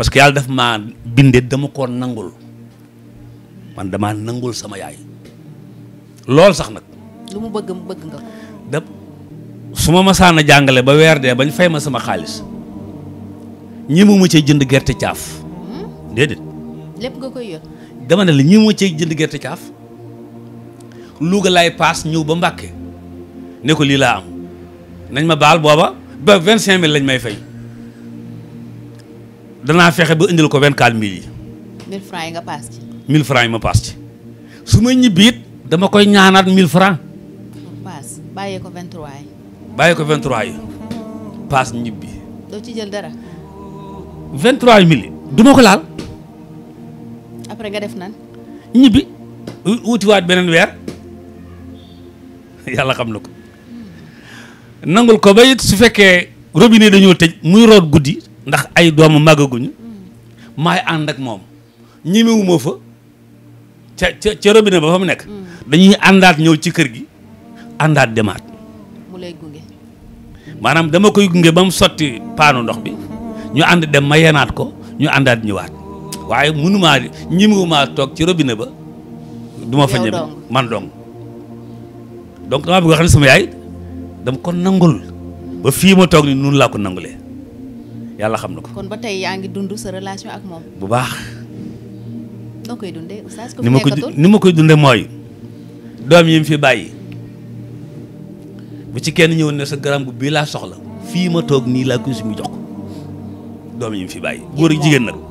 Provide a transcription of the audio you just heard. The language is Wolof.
parce que yàlla def maa bindee dama koo nangul man damaa nangul sama yaay lool sax nag. lu mu bëgg bëgg su ma masaana jàngale ba weer dee bañ fay ma sama xaalis ñii mu ma cee jënd gerte caaf. Hmm? déedéet. lépp nga koy yor. dama ne la ñi mu ma cee jënd gerte caaf Louga lay paas ñëw ba Mbàkke ne ko lii laa am nañ ma baal booba ba vingt cinq mille lañ may fay. danaa fexe ba indil ko 24000 yi. 1000 francs yi nga paas ci. 1000 francs yi ma paas ci su ma ñibbi it dama koy ñaanaat mille francs. paas bàyyee ko 23 yi. bàyyee ko 23 yi paas ñibbi. doo ci jël dara. 23000 yi du ma ko laal. après nga def nan. ñibbi wutiwaat beneen weer yàlla xam na ko nangul ko ba it su fekkee robinet dañoo tëj muy root guddi. ndax ay doomu màggaguñu maay ànd ak moom ñemewuma fa ca ca ca robinet ba fa mu nekk. Mm. dañuy àndaat ñëw ci kër gi àndaat demaat. maanaam dama koy gunge ba mu sotti paanu ndox bi ñu ànd dem ma yenaat ko ñu àndaat ñëwaat waaye mënumaa ñemewumaa toog ci robine ba. duma ma fa ñeme man dong. donc damaa bëgg xam ne sama yaay dama ko nangul ba fii ma toog ni noonu laa ko nangulee. yàlla xam na ko. kon ba tey yaa ngi dund sa relation ak moom. bu baax. noo koy dundee oustaz ni ma ko ni ma koy dundee mooy. doom yi mu fi bàyyi. bu ci kenn ñëwoon ne sa garam gu bii laa soxla. fii ma toog nii laa ko si mu jox doom yi mu fi bàyyi góor ak jigéen nag.